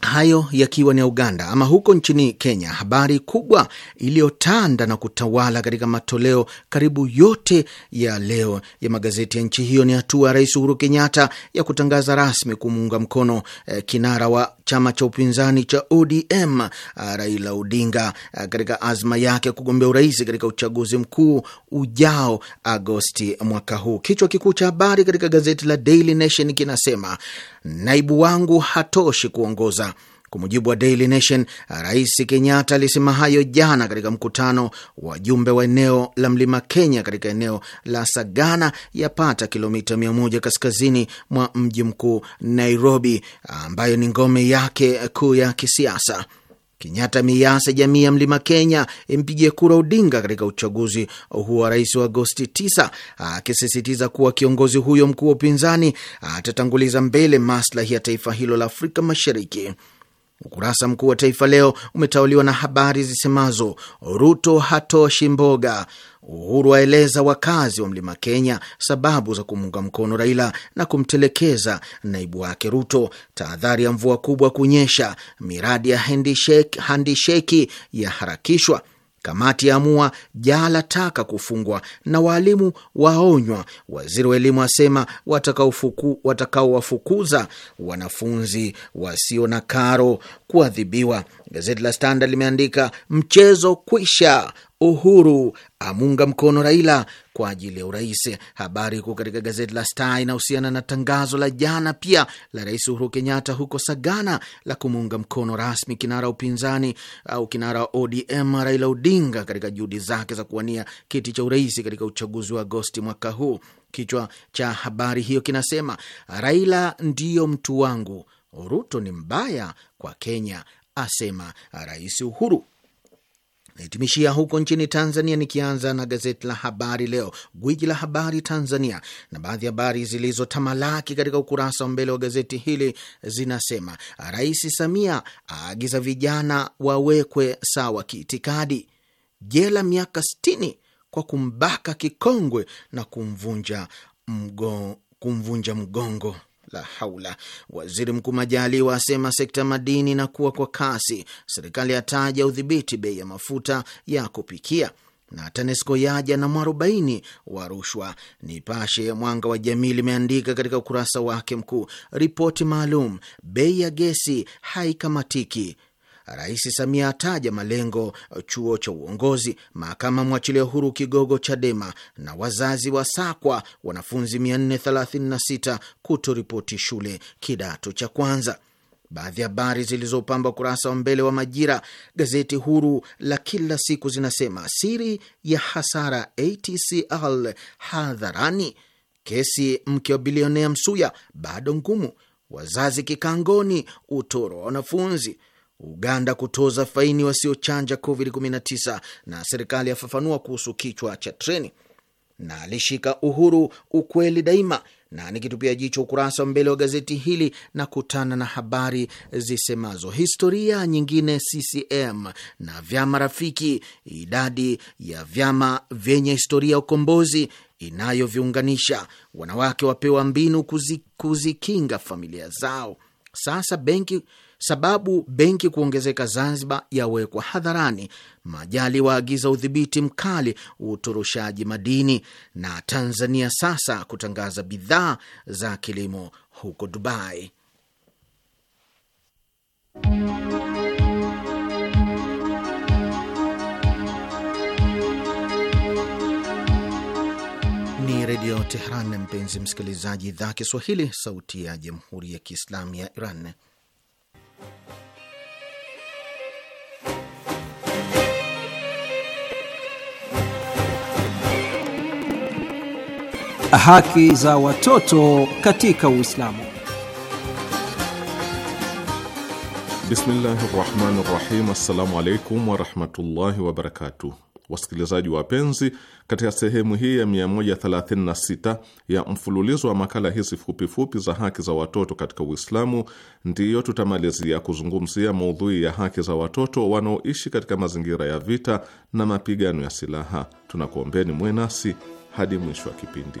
Hayo yakiwa ni ya Uganda. Ama huko nchini Kenya, habari kubwa iliyotanda na kutawala katika matoleo karibu yote ya leo ya magazeti ya nchi hiyo ni hatua ya Rais Uhuru Kenyatta ya kutangaza rasmi kumuunga mkono eh, kinara wa chama cha upinzani cha ODM eh, Raila Odinga eh, katika azma yake kugombea urais katika uchaguzi mkuu ujao Agosti mwaka huu. Kichwa kikuu cha habari katika gazeti la Daily Nation kinasema naibu wangu hatoshi kuongoza. Kwa mujibu wa Daily Nation, Rais Kenyatta alisema hayo jana katika mkutano wa jumbe wa eneo la mlima Kenya katika eneo la Sagana, yapata kilomita 1 kaskazini mwa mji mkuu Nairobi, ambayo ni ngome yake kuu ya kisiasa. Kenyatta ameiasa jamii ya mlima Kenya impigie kura Odinga katika uchaguzi huo wa rais wa Agosti 9, akisisitiza kuwa kiongozi huyo mkuu wa upinzani atatanguliza mbele maslahi ya taifa hilo la Afrika Mashariki. Ukurasa mkuu wa Taifa Leo umetawaliwa na habari zisemazo Ruto hatoshi mboga, Uhuru waeleza wakazi wa mlima Kenya sababu za kumuunga mkono Raila na kumtelekeza naibu wake Ruto. Tahadhari ya mvua kubwa kunyesha, miradi ya handisheki yaharakishwa. Kamati ya amua jala taka kufungwa na waalimu waonywa. Waziri wa elimu asema watakaowafukuza wanafunzi wasio na karo kuadhibiwa. Gazeti la Standard limeandika mchezo kwisha, Uhuru amunga mkono Raila kwa ajili ya urais. Habari kuu katika gazeti la Star inahusiana na tangazo la jana pia la Rais Uhuru Kenyatta huko Sagana la kumuunga mkono rasmi kinara upinzani au kinara ODM Raila Odinga katika juhudi zake za kuwania kiti cha urais katika uchaguzi wa Agosti mwaka huu. Kichwa cha habari hiyo kinasema Raila ndiyo mtu wangu Ruto ni mbaya kwa Kenya, asema Rais Uhuru. Nahitimishia huko nchini Tanzania, nikianza na gazeti la Habari Leo, gwiji la habari Tanzania, na baadhi ya habari zilizotamalaki katika ukurasa wa mbele wa gazeti hili zinasema: Rais Samia aagiza vijana wawekwe sawa kiitikadi, jela miaka 60 kwa kumbaka kikongwe na kumvunja mgo, kumvunja mgongo la haula. Waziri Mkuu Majaliwa asema sekta madini inakuwa kwa kasi. Serikali yataja udhibiti bei ya mafuta ya kupikia na TANESCO yaja na mwarobaini wa rushwa. Nipashe Mwanga wa Jamii limeandika katika ukurasa wake mkuu, ripoti maalum, bei ya gesi haikamatiki Rais Samia ataja malengo chuo cha uongozi, mahakama mwachilia huru kigogo Chadema na wazazi wasakwa wanafunzi 436 kutoripoti shule kidato cha kwanza. Baadhi ya habari zilizopamba ukurasa wa mbele wa Majira, gazeti huru la kila siku, zinasema siri ya hasara ATCL hadharani, kesi mke wa bilionea Msuya bado ngumu, wazazi kikangoni, utoro wa wanafunzi Uganda kutoza faini wasiochanja COVID-19 na serikali yafafanua kuhusu kichwa cha treni, na alishika Uhuru ukweli daima. Na nikitupia jicho ukurasa wa mbele wa gazeti hili na kutana na habari zisemazo historia nyingine CCM na vyama rafiki, idadi ya vyama vyenye historia ya ukombozi inayoviunganisha, wanawake wapewa mbinu kuzikinga familia zao, sasa benki Sababu benki kuongezeka Zanzibar yawekwa hadharani. Majali waagiza udhibiti mkali utoroshaji madini, na Tanzania sasa kutangaza bidhaa za kilimo huko Dubai. Ni Redio Tehran, mpenzi msikilizaji, idhaa Kiswahili, sauti ya Jamhuri ya Kiislamu ya Iran. Haki za watoto katika Uislamu. Bismillahi rahmani rahim. Assalamu alaikum warahmatullahi wabarakatuh. Wasikilizaji wapenzi, katika sehemu hii ya 136 ya mfululizo wa makala hizi fupifupi za haki za watoto katika Uislamu, ndiyo tutamalizia kuzungumzia maudhui ya haki za watoto wanaoishi katika mazingira ya vita na mapigano ya silaha. Tunakuombeni mwe nasi hadi mwisho wa kipindi.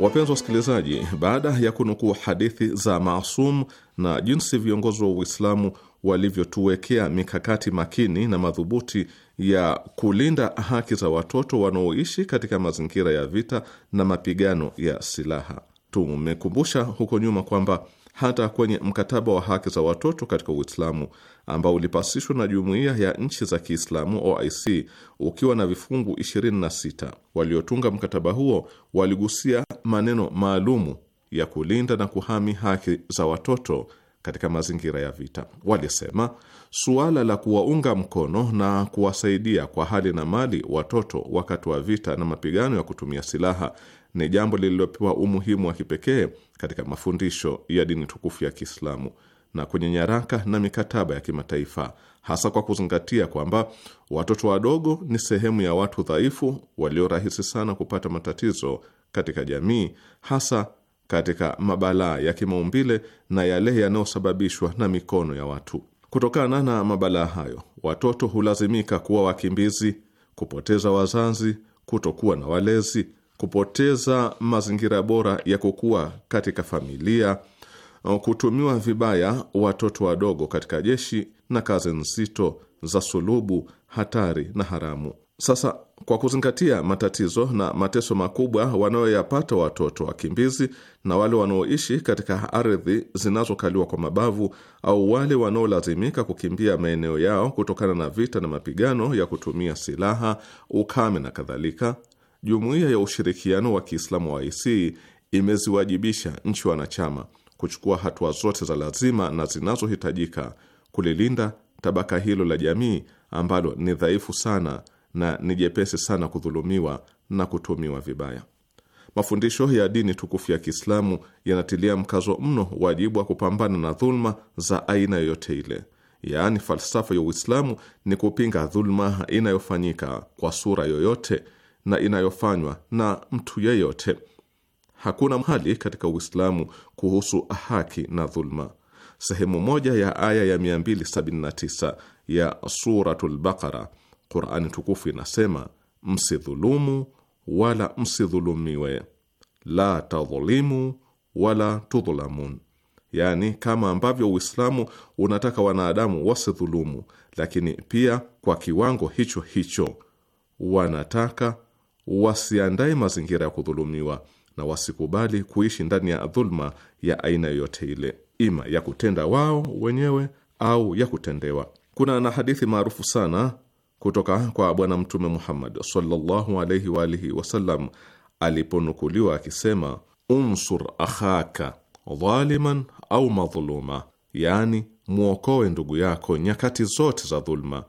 Wapenzi wasikilizaji, baada ya kunukuu hadithi za Maasum na jinsi viongozi wa Uislamu walivyotuwekea mikakati makini na madhubuti ya kulinda haki za watoto wanaoishi katika mazingira ya vita na mapigano ya silaha, tumekumbusha huko nyuma kwamba hata kwenye mkataba wa haki za watoto katika Uislamu ambao ulipasishwa na Jumuiya ya Nchi za Kiislamu OIC ukiwa na vifungu 26. Waliotunga mkataba huo waligusia maneno maalumu ya kulinda na kuhami haki za watoto katika mazingira ya vita. Walisema suala la kuwaunga mkono na kuwasaidia kwa hali na mali watoto wakati wa vita na mapigano ya kutumia silaha ni jambo lililopewa umuhimu wa kipekee katika mafundisho ya dini tukufu ya Kiislamu na kwenye nyaraka na mikataba ya kimataifa, hasa kwa kuzingatia kwamba watoto wadogo ni sehemu ya watu dhaifu walio rahisi sana kupata matatizo katika jamii, hasa katika mabalaa ya kimaumbile na yale yanayosababishwa na mikono ya watu. Kutokana na mabalaa hayo, watoto hulazimika kuwa wakimbizi, kupoteza wazazi, kutokuwa na walezi, kupoteza mazingira bora ya kukua katika familia kutumiwa vibaya watoto wadogo katika jeshi na kazi nzito za sulubu, hatari na haramu. Sasa kwa kuzingatia matatizo na mateso makubwa wanayoyapata watoto wakimbizi na wale wanaoishi katika ardhi zinazokaliwa kwa mabavu au wale wanaolazimika kukimbia maeneo yao kutokana na vita na mapigano ya kutumia silaha, ukame na kadhalika, Jumuiya ya Ushirikiano wa Kiislamu wa OIC imeziwajibisha nchi wanachama kuchukua hatua zote za lazima na zinazohitajika kulilinda tabaka hilo la jamii ambalo ni dhaifu sana na ni jepesi sana kudhulumiwa na kutumiwa vibaya. Mafundisho ya dini tukufu ya Kiislamu yanatilia mkazo mno wajibu wa kupambana na dhulma za aina yoyote ile. Yaani, falsafa ya Uislamu ni kupinga dhulma inayofanyika kwa sura yoyote na inayofanywa na mtu yeyote Hakuna mhali katika Uislamu kuhusu haki na dhulma. Sehemu moja ya aya ya 279 ya Suratul Baqara, Qurani tukufu inasema, msidhulumu wala msidhulumiwe, la tadhulimu wala tudhulamun Yaani, kama ambavyo Uislamu unataka wanadamu wasidhulumu, lakini pia kwa kiwango hicho hicho wanataka wasiandae mazingira ya kudhulumiwa na wasikubali kuishi ndani ya dhuluma ya aina yoyote ile, ima ya kutenda wao wenyewe au ya kutendewa. Kuna na hadithi maarufu sana kutoka kwa Bwana Mtume Muhammad sallallahu alaihi wa alihi wasallam aliponukuliwa akisema, unsur akhaka dhaliman au madhuluma, yaani mwokoe ndugu yako nyakati zote za dhuluma.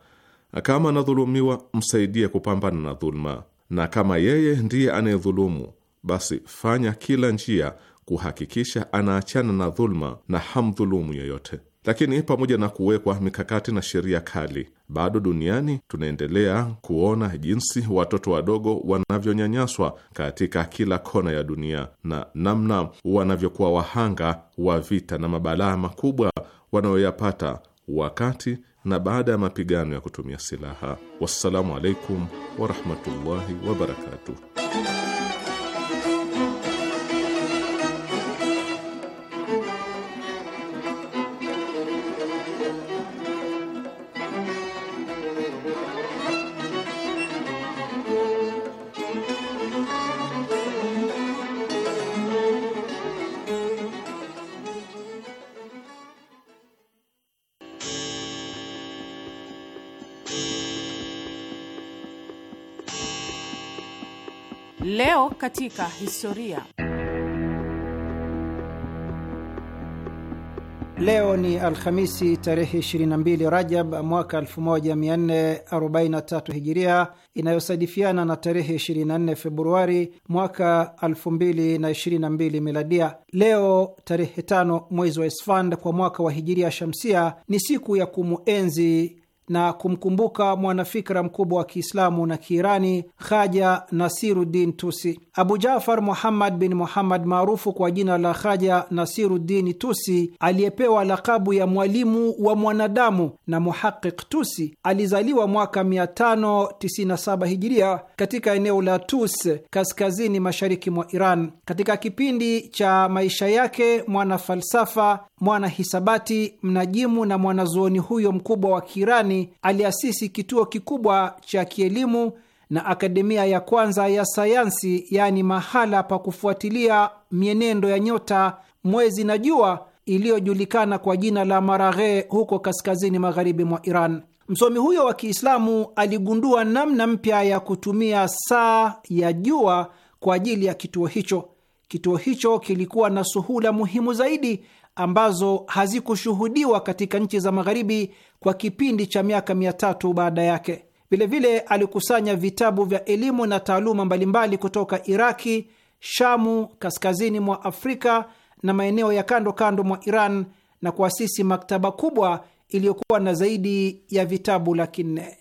Kama anadhulumiwa, msaidie kupambana na dhuluma, na kama yeye ndiye anayedhulumu basi fanya kila njia kuhakikisha anaachana na dhuluma na hamdhulumu yoyote. Lakini pamoja na kuwekwa mikakati na sheria kali, bado duniani tunaendelea kuona jinsi watoto wadogo wanavyonyanyaswa katika kila kona ya dunia na namna wanavyokuwa wahanga wa vita na mabalaa makubwa wanayoyapata wakati na baada ya mapigano ya kutumia silaha. Wassalamu alaikum warahmatullahi wabarakatuh. Leo katika historia. Leo ni Alhamisi tarehe 22 Rajab mwaka 1443 Hijiria, inayosadifiana na tarehe 24 Februari mwaka 2022 Miladia. Leo tarehe tano mwezi wa Isfand kwa mwaka wa Hijiria Shamsia ni siku ya kumuenzi na kumkumbuka mwanafikra mkubwa wa Kiislamu na Kiirani Haja Nasiruddin Tusi. Abu Jafar Muhammad bin Muhammad maarufu kwa jina la Haja Nasiruddin Tusi, aliyepewa lakabu ya mwalimu wa mwanadamu na Muhaqiq Tusi, alizaliwa mwaka 597 Hijiria katika eneo la Tus kaskazini mashariki mwa Iran. Katika kipindi cha maisha yake mwana falsafa mwanahisabati, mnajimu na mwanazuoni huyo mkubwa wa Kiirani aliasisi kituo kikubwa cha kielimu na akademia ya kwanza ya sayansi, yaani mahala pa kufuatilia mienendo ya nyota, mwezi na jua, iliyojulikana kwa jina la Maraghe huko kaskazini magharibi mwa Iran. Msomi huyo wa Kiislamu aligundua namna mpya ya kutumia saa ya jua kwa ajili ya kituo hicho. Kituo hicho kilikuwa na suhula muhimu zaidi ambazo hazikushuhudiwa katika nchi za magharibi kwa kipindi cha miaka mia tatu baada yake. Vilevile alikusanya vitabu vya elimu na taaluma mbalimbali kutoka Iraki, Shamu, kaskazini mwa Afrika na maeneo ya kando kando mwa Iran na kuasisi maktaba kubwa iliyokuwa na zaidi ya vitabu laki nne.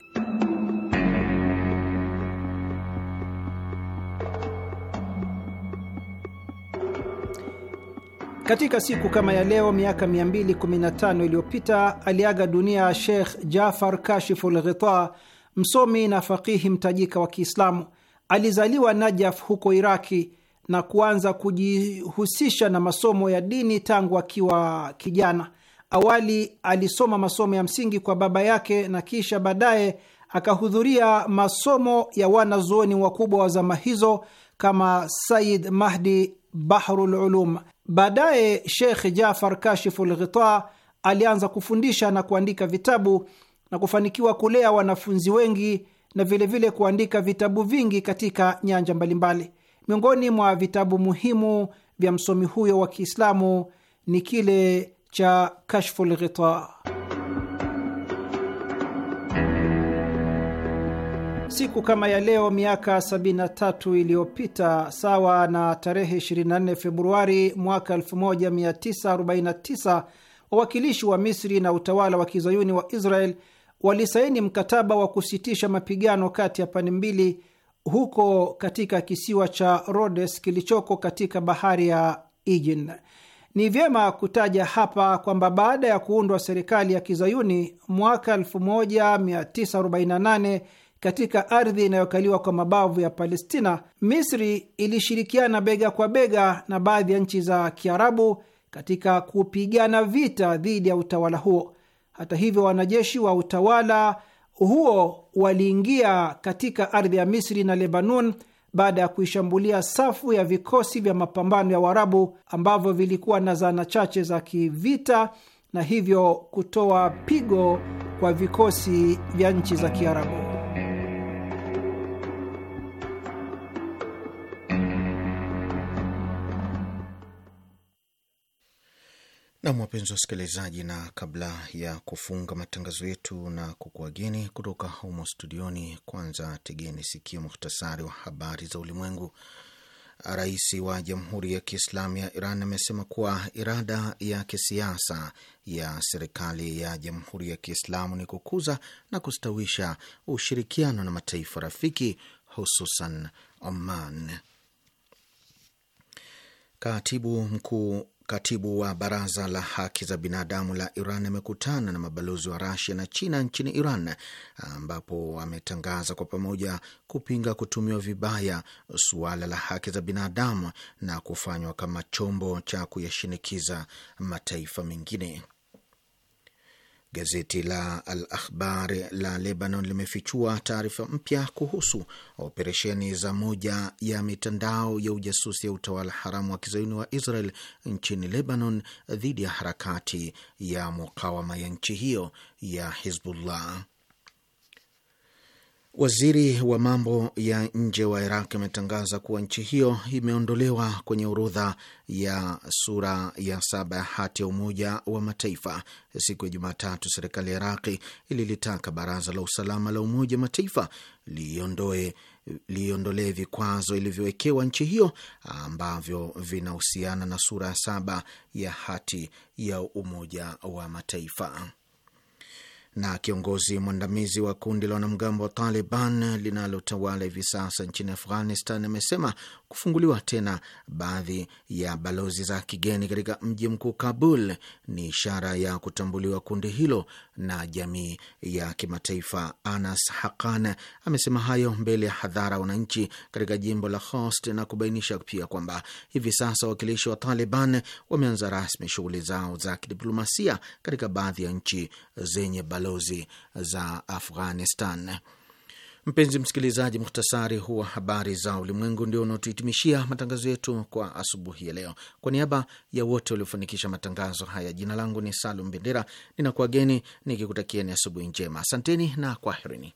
Katika siku kama ya leo miaka 215 iliyopita aliaga dunia Sheikh Jafar Kashiful Ghita, msomi na faqihi mtajika wa Kiislamu. Alizaliwa Najaf huko Iraki na kuanza kujihusisha na masomo ya dini tangu akiwa kijana. Awali alisoma masomo ya msingi kwa baba yake na kisha baadaye akahudhuria masomo ya wanazuoni wakubwa wa zama hizo kama Said Mahdi Bahrul Ulum. Baadaye Sheikh Jafar Kashifu Lghita alianza kufundisha na kuandika vitabu na kufanikiwa kulea wanafunzi wengi na vilevile vile kuandika vitabu vingi katika nyanja mbalimbali. Miongoni mwa vitabu muhimu vya msomi huyo wa Kiislamu ni kile cha Kashful Ghita. Siku kama ya leo miaka 73 iliyopita, sawa na tarehe 24 Februari mwaka 1949, wawakilishi wa Misri na utawala wa kizayuni wa Israel walisaini mkataba wa kusitisha mapigano kati ya pande mbili huko katika kisiwa cha Rhodes kilichoko katika bahari ya Aegean. Ni vyema kutaja hapa kwamba baada ya kuundwa serikali ya kizayuni mwaka 1948 katika ardhi inayokaliwa kwa mabavu ya Palestina, Misri ilishirikiana bega kwa bega na baadhi ya nchi za Kiarabu katika kupigana vita dhidi ya utawala huo. Hata hivyo, wanajeshi wa utawala huo waliingia katika ardhi ya Misri na Lebanon baada ya kuishambulia safu ya vikosi vya mapambano ya Waarabu ambavyo vilikuwa na zana chache za kivita na hivyo kutoa pigo kwa vikosi vya nchi za Kiarabu. Nam, wapenzi wasikilizaji, na kabla ya kufunga matangazo yetu na kukuageni kutoka humo studioni, kwanza tegeni sikio muhtasari wa habari za ulimwengu. Rais wa Jamhuri ya Kiislamu ya Iran amesema kuwa irada ya kisiasa ya serikali ya Jamhuri ya Kiislamu ni kukuza na kustawisha ushirikiano na mataifa rafiki, hususan Oman. Katibu mkuu Katibu wa baraza la haki za binadamu la Iran amekutana na mabalozi wa Rasia na China nchini Iran, ambapo wametangaza kwa pamoja kupinga kutumiwa vibaya suala la haki za binadamu na kufanywa kama chombo cha kuyashinikiza mataifa mengine. Gazeti la Al Akhbar la Lebanon limefichua taarifa mpya kuhusu operesheni za moja ya mitandao ya ujasusi ya utawala haramu wa kizayuni wa Israel nchini Lebanon dhidi ya harakati ya mukawama ya nchi hiyo ya Hizbullah. Waziri wa mambo ya nje wa Iraq ametangaza kuwa nchi hiyo imeondolewa kwenye orodha ya sura ya saba ya hati ya Umoja wa Mataifa. Siku ya Jumatatu, serikali ya Iraqi ililitaka Baraza la Usalama la Umoja wa Mataifa liondoe liiondolee vikwazo ilivyowekewa nchi hiyo ambavyo vinahusiana na sura ya saba ya hati ya Umoja wa Mataifa na kiongozi mwandamizi wa kundi la wanamgambo wa Taliban linalotawala hivi sasa nchini Afghanistan amesema kufunguliwa tena baadhi ya balozi za kigeni katika mji mkuu Kabul ni ishara ya kutambuliwa kundi hilo na jamii ya kimataifa. Anas Haqqan amesema hayo mbele ya hadhara wananchi katika jimbo la Khost na kubainisha pia kwamba hivi sasa wawakilishi wa Taliban wameanza rasmi shughuli zao za kidiplomasia katika baadhi ya nchi zenye balozi balozi za Afghanistan. Mpenzi msikilizaji, muhtasari huu wa habari za ulimwengu ndio unaotuhitimishia matangazo yetu kwa asubuhi ya leo. Kwa niaba ya wote waliofanikisha matangazo haya, jina langu ni Salum Bendera, ninakuwageni nikikutakieni asubuhi njema. Asanteni na kwaherini.